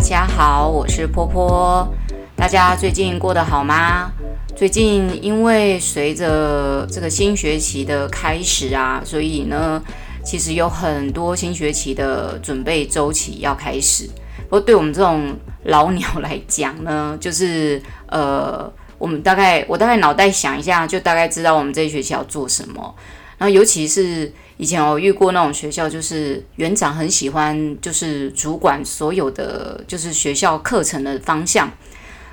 大家好，我是坡坡。大家最近過得好嗎？最近因為隨着這個新學期的開始啊，所以呢，其實有很多新學期的準備周期要開始。不過對我們這種老鳥來講呢，就是呃，我們大概我大概腦袋想一下，就大概知道我們這一學期要做什麼。那尤其是以前我遇過那種學校，就是園長很喜歡，就是主管所有的就是學校課程的方向。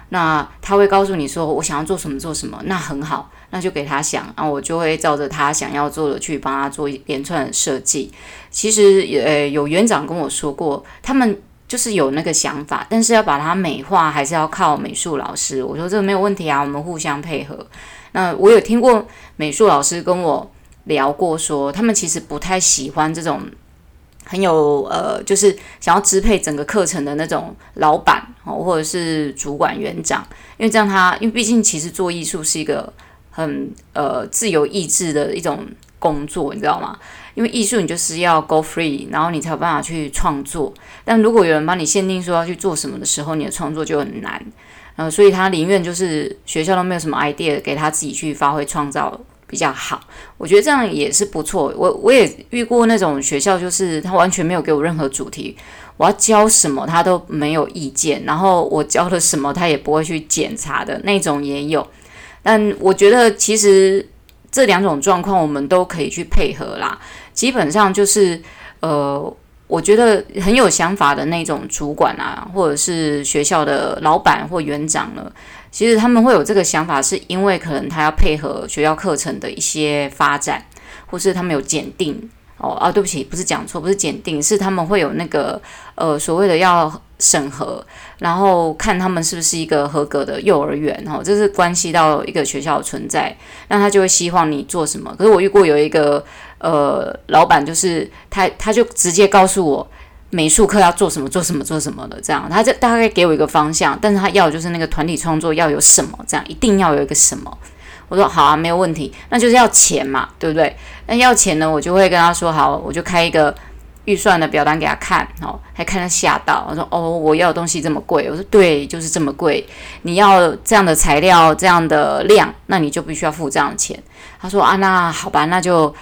那他會告訴你說：“我想要做什麼做什麼，那很好，那就給他想。”然後我就會照着他想要做的去幫他做一連串的設計。其實，呃、哎，有園長跟我說過，他們就是有那個想法，但是要把它美化，還是要靠美術老師。我說：“這個沒有問題啊，我們互相配合。”那我有聽過美術老師跟我。聊過說，他們其實不太喜歡這種很有呃，就是想要支配整個課程的那種老闆哦，或者是主管園長，因為這樣他，因為畢竟其實做藝術是一個很呃自由意志的一種工作，你知道嗎？因為藝術你就是要 go free，然後你才有辦法去創作。但如果有人幫你限定說要去做什麼的時候，你的創作就很難。嗯、呃，所以他寧願就是學校都沒有什麼 idea 給他自己去發揮創造。比較好，我覺得這樣也是不錯。我我也遇過那種學校，就是他完全沒有給我任何主題，我要教什麼他都沒有意見，然後我教了什麼他也不會去檢查的那種也有。但我覺得其實這兩種狀況我們都可以去配合啦。基本上就是呃，我覺得很有想法的那種主管啊，或者是學校的老闆或園長了。其實他們會有這個想法，是因為可能他要配合學校課程的一些發展，或是他們有檢定哦。啊，對不起，不是講錯，不是檢定，是他們會有那個呃所謂的要審核，然後看他們是不是一個合格的幼兒園哦，這是關係到一個學校的存在，那他就會希望你做什麼。可是我遇過有一個呃老板，就是他他就直接告訴我，美術課要做什麼？做什麼？做什麼的？這樣，他就大概給我一個方向，但是他要就是那個團體創作要有什麼？這樣，一定要有一個什麼？我說好啊，沒有問題，那就是要錢嘛，對不對？那要錢呢，我就會跟他說，好，我就開一個預算的表單給他看，哦，還看他嚇到，我說哦，我要的東西這麼貴，我說對，就是這麼貴，你要這樣的材料，這樣的量，那你就必須要付這樣的錢。他說啊，那好吧，那就。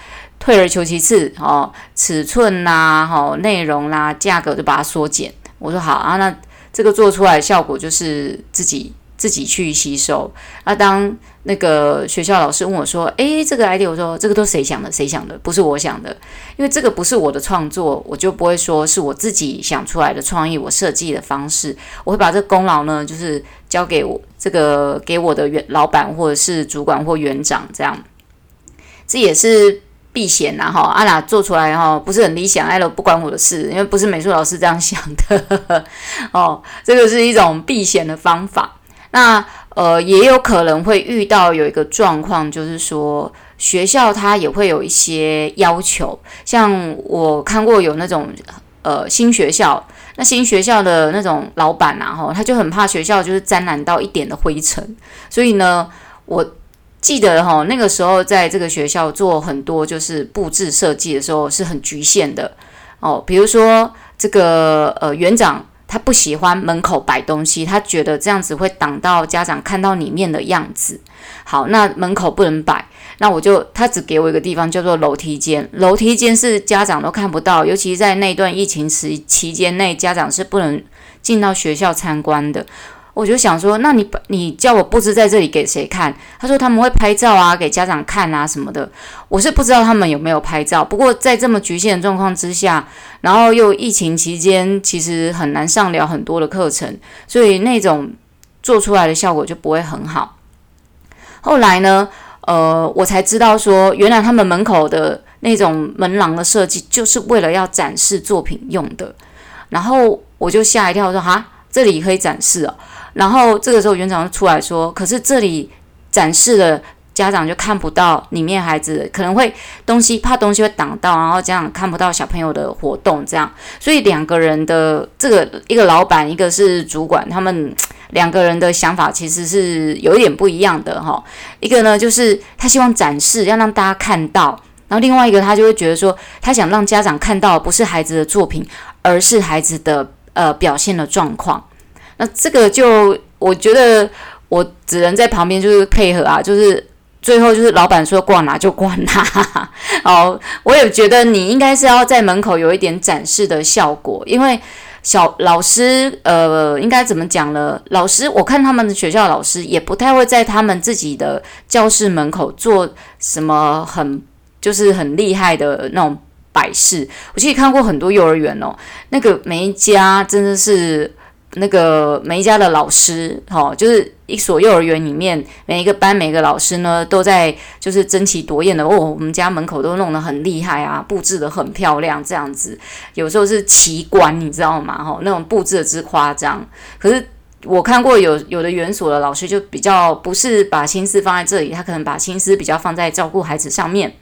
退而求其次，哦，尺寸啦，啊，哈，內容啦，啊，價格就把它縮減。我說好啊，那這個做出來的效果就是自己自己去吸收。那、啊、當那個學校老師問我說：“誒、欸，這個 idea，我說這個都誰想的？誰想的？不是我想的，因為這個不是我的創作，我就不會說是我自己想出來的創意，我設計的方式，我會把這個功勞呢，就是交給我這個給我的園老板或者是主管或園長，這樣。這也是。避嫌然後阿拉做出來，然後不是很理想，愛，不管我的事，因為不是美術老師這樣想的，呵呵哦，這個是一種避嫌的方法。那呃，也有可能會遇到有一個狀況，就是說學校它也會有一些要求，像我看過有那種呃新學校，那新學校的那種老闆，然後他就很怕學校就是沾染到一點的灰塵，所以呢，我。記得哈，那個時候在這個學校做很多就是布置設計的時候是很局限的哦。比如說這個呃園長，他不喜歡門口擺東西，他覺得這樣子會擋到家長看到裡面的樣子。好，那門口不能擺，那我就他只給我一個地方叫做樓梯間，樓梯間是家長都看不到，尤其在那段疫情時期間內，家長是不能進到學校參觀的。我就想說，那你把你叫我布置在這裡給誰看？他說他們會拍照啊，給家長看啊什麼的。我是不知道他們有沒有拍照。不過在這麼局限的狀況之下，然後又疫情期間，其實很難上了很多的課程，所以那種做出來的效果就不會很好。後來呢，呃，我才知道說，原來他們門口的那種門廊的設計就是為了要展示作品用的。然後我就嚇一跳說，說哈，這裡可以展示哦、啊然後這個時候園長就出來說：“可是這裡展示了，家長就看不到裡面孩子可能會東西，怕東西會擋到，然後家長看不到小朋友的活動，這樣。所以兩個人的這個一個老闆，一個是主管，他們兩個人的想法其實是有一點不一樣的哈。一個呢，就是他希望展示要讓大家看到，然後另外一個他就會覺得說，他想讓家長看到不是孩子的作品，而是孩子的呃表現的狀況。”那這個就我覺得我只能在旁邊就是配合啊，就是最後就是老闆說掛哪就掛哪。 好，我也覺得你應該是要在門口有一點展示的效果，因為小老師呃應該怎麼講呢？老師我看他們的學校的老師也不太會在他們自己的教室門口做什麼很就是很厲害的那種擺飾。我其實看過很多幼兒園哦，那個每一家真的是。那個每一家的老師，哈、哦，就是一所幼兒園裡面每一個班每個老師呢，都在就是爭奇奪艷的哦。我們家門口都弄得很厲害啊，佈置得很漂亮，這樣子有時候是奇觀，你知道嗎？哈、哦，那種佈置的之誇張。可是我看過有有的園所的老師就比較不是把心思放在這裡，他可能把心思比較放在照顧孩子上面。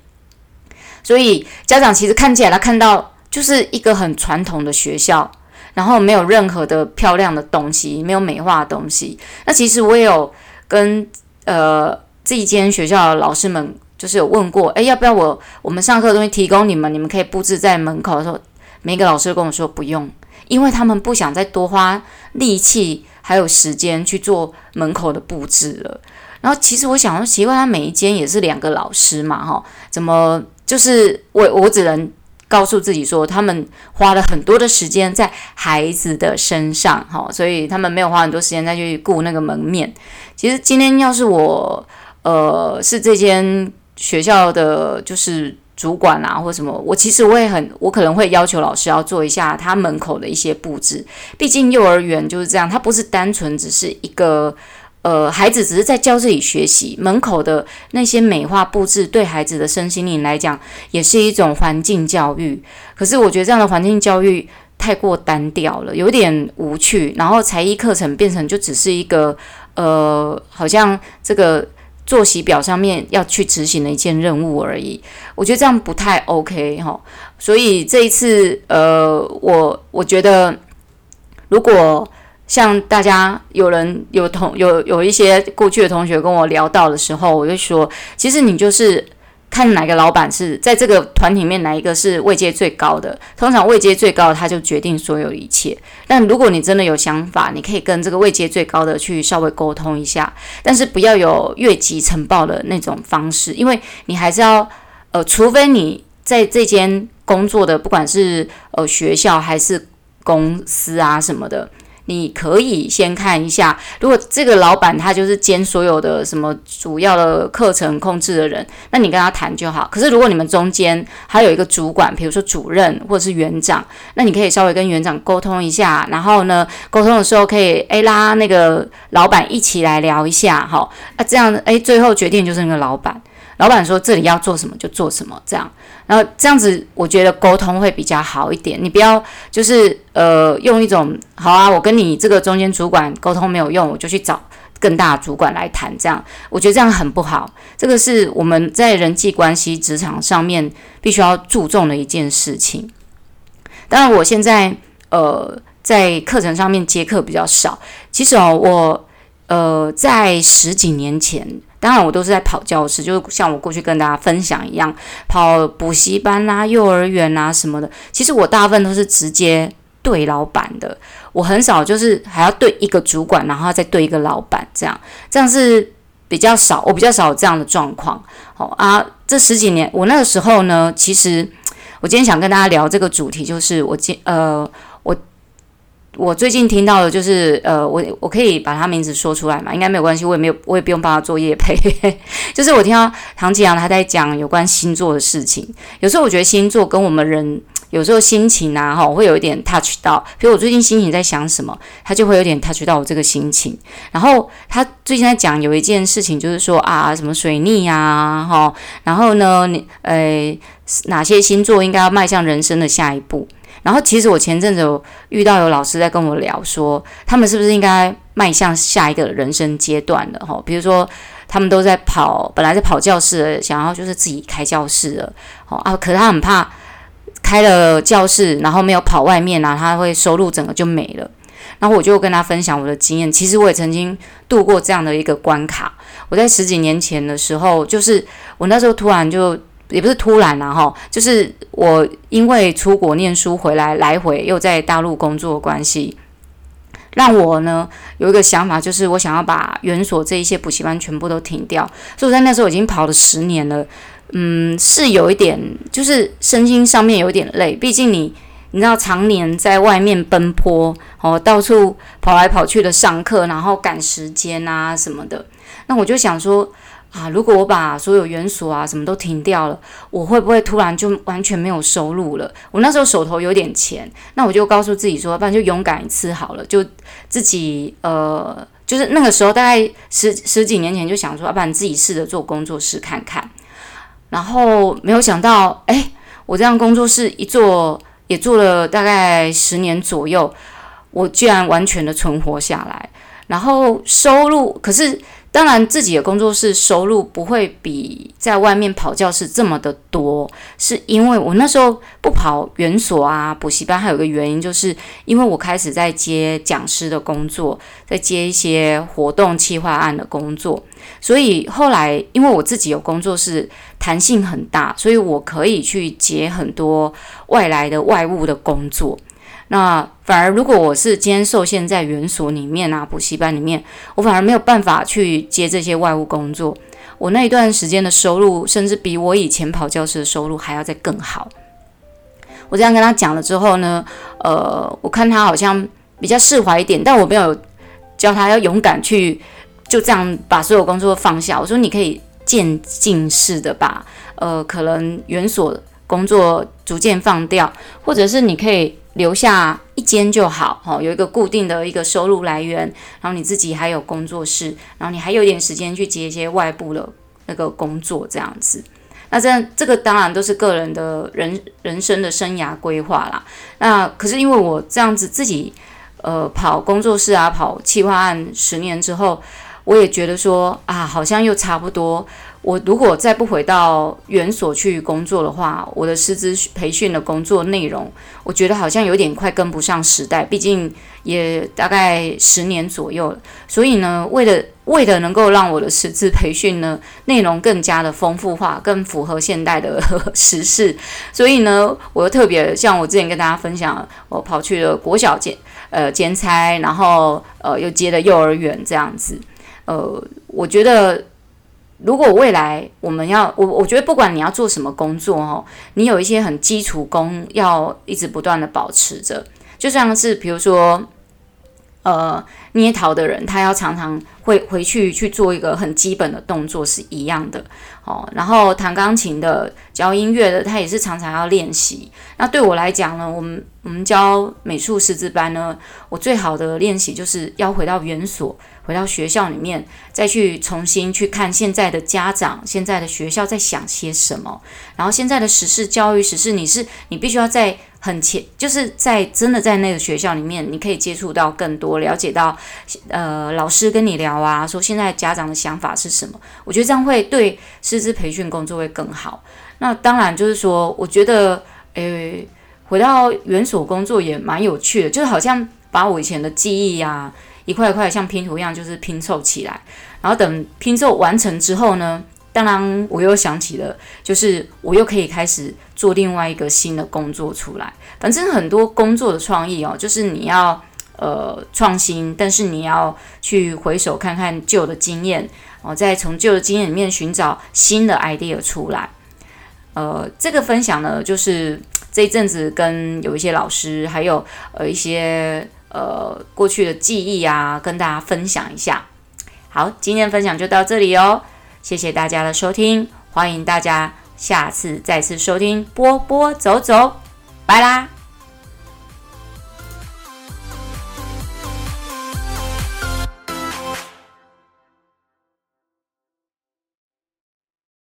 所以家長其實看起來，他看到就是一個很傳統的學校。然後沒有任何的漂亮的東西，沒有美化的東西。那其實我也有跟呃這一間學校的老師們就是有問過，誒，要不要我我們上課的東西提供你們，你們可以布置在門口的時候。每個老師跟我說不用，因為他們不想再多花力氣還有時間去做門口的布置了。然後其實我想說，其實他每一間也是兩個老師嘛，哈，怎麼就是我我只能。告訴自己說，他們花了很多的時間在孩子的身上，哈，所以他們沒有花很多時間再去顧那個門面。其實今天要是我，呃，是這間學校的，就是主管啊，或什麼，我其實我也很，我可能會要求老師要做一下他門口的一些布置。畢竟幼兒園就是這樣，它不是單純只是一個。呃，孩子只是在教室裡學習，門口的那些美化布置對孩子的身心靈來講也是一種環境教育。可是我覺得這樣的環境教育太過單調了，有點無趣。然後才藝課程變成就只是一個呃，好像這個作息表上面要去執行的一件任務而已。我覺得這樣不太 OK 哈。所以這一次，呃，我我覺得如果。像大家有人有同有有一些過去的同學跟我聊到的時候，我就說，其實你就是看哪個老闆是在這個團體裡面，哪一個是位階最高的，通常位階最高，他就決定所有一切。但如果你真的有想法，你可以跟這個位階最高的去稍微溝通一下，但是不要有越級呈報的那種方式，因為你還是要呃，除非你在這間工作的，不管是呃學校還是公司啊什麼的。你可以先看一下，如果這個老闆他就是兼所有的什麼主要的課程控制的人，那你跟他談就好。可是如果你們中間還有一個主管，比如說主任或者是園長，那你可以稍微跟園長溝通一下，然後呢，溝通的時候可以誒拉那個老闆一起來聊一下哈、哦，啊這樣誒最後決定就是那個老闆。老闆說這裡要做什麼就做什麼，這樣，然後這樣子，我覺得溝通會比較好一點。你不要就是呃用一種好啊，我跟你這個中間主管溝通沒有用，我就去找更大主管來談。這樣，我覺得這樣很不好。這個是我們在人際關係職場上面必須要注重的一件事情。當然，我現在呃在課程上面接課比較少。其實哦，我呃在十幾年前。當然，我都是在跑教室，就像我過去跟大家分享一樣，跑補習班啦、啊、幼兒園啊什麼的。其實我大部分都是直接對老板的，我很少就是還要對一個主管，然後再對一個老板這樣，這樣是比較少，我比較少有這樣的狀況。好、哦、啊，這十幾年我那個時候呢，其實我今天想跟大家聊這個主題，就是我今呃。我最近聽到的，就是呃，我我可以把他名字說出來嘛？應該沒有關係，我也沒有，我也不用幫他做業配。 就是我聽到唐綺陽他在講有關星座的事情。有時候我覺得星座跟我們人有時候心情啊，哈，會有一點 touch 到。比如我最近心情在想什麼，他就會有點 touch 到我這個心情。然後他最近在講有一件事情，就是說啊，什麼水逆呀，哈，然後呢，呃，哪些星座應該要邁向人生的下一步？然後，其實我前陣子有遇到有老師在跟我聊說，說他們是不是應該邁向下一個人生階段了？哈，比如說他們都在跑，本來在跑教室的，想要就是自己開教室了，哦啊，可是他很怕開了教室，然後沒有跑外面啊，然後他會收入整個就沒了。然後我就跟他分享我的經驗，其實我也曾經度過這樣的一個關卡。我在十幾年前的時候，就是我那時候突然就。也不是突然啦、啊、哈，就是我因為出國念書回來，來回又在大陸工作關係，讓我呢有一個想法，就是我想要把園所這一些補習班全部都停掉。所以我在那時候已經跑了十年了，嗯，是有一點，就是身心上面有一點累，畢竟你你知道常年在外面奔波，哦，到處跑來跑去的上課，然後趕時間啊什麼的，那我就想說。啊！如果我把所有元素啊什麼都停掉了，我會不會突然就完全沒有收入了？我那時候手頭有點錢，那我就告訴自己說，要不然就勇敢一次好了，就自己呃，就是那個時候大概十十幾年前就想說，要不然自己試着做工作室看看。然後沒有想到，誒，我這樣工作室一做也做了大概十年左右，我居然完全的存活下來，然後收入可是。當然，自己的工作室收入不會比在外面跑教室這麼的多，是因為我那時候不跑園所啊、補習班，還有一個原因就是因為我開始在接講師的工作，在接一些活動企劃案的工作，所以後來因為我自己有工作室，彈性很大，所以我可以去接很多外來的外務的工作。那反而，如果我是今天受限在園所裡面啊，補習班裡面，我反而沒有辦法去接這些外務工作。我那一段時間的收入，甚至比我以前跑教室的收入還要再更好。我這樣跟他講了之後呢，呃，我看他好像比較釋懷一點，但我沒有教他要勇敢去就這樣把所有工作放下。我說你可以漸進式的把呃，可能園所工作逐漸放掉，或者是你可以。留下一間就好。好，有一個固定的一個收入來源，然後你自己還有工作室，然後你還有點時間去接一些外部的那個工作，這樣子。那這這個當然都是個人的人人生的生涯規劃啦。那可是因為我這樣子自己，呃，跑工作室啊，跑企劃案十年之後，我也覺得說啊，好像又差不多。我如果再不回到原所去工作的話，我的師資培訓的工作內容，我覺得好像有點快跟不上時代，畢竟也大概十年左右了。所以呢，為了為了能夠讓我的師資培訓呢內容更加的豐富化，更符合現代的呵呵時事，所以呢，我又特別像我之前跟大家分享，我跑去了國小兼呃兼差，然後呃又接了幼兒園這樣子，呃，我覺得。如果未來我們要我，我覺得不管你要做什麼工作哦，你有一些很基礎功要一直不斷的保持着，就像是比如說，呃，捏陶的人他要常常。會回去去做一個很基本的動作是一樣的哦。然後彈鋼琴的、教音樂的，他也是常常要練習。那對我來講呢，我們我們教美術師資班呢，我最好的練習就是要回到原所，回到學校裡面，再去重新去看現在的家長、現在的學校在想些什麼。然後現在的時事教育，時事你是你必須要在很前，就是在真的在那個學校裡面，你可以接觸到更多、了解到呃，老師跟你聊。好啊，說現在家長的想法是什麼？我覺得這樣會對師資培訓工作會更好。那當然就是說，我覺得，誒，回到原所工作也蠻有趣的，就是好像把我以前的記憶呀、啊，一塊塊像拼圖一樣，就是拼湊起來。然後等拼湊完成之後呢，當然我又想起了，就是我又可以開始做另外一個新的工作出來。反正很多工作的創意哦，就是你要。呃，創新，但是你要去回首看看舊的經驗，哦、呃，再從舊的經驗裡面尋找新的 idea 出來。呃，這個分享呢，就是這陣子跟有一些老師，還有呃一些呃過去的記憶啊，跟大家分享一下。好，今天的分享就到這裡哦，謝謝大家的收聽，歡迎大家下次再次收聽波波走走，拜啦。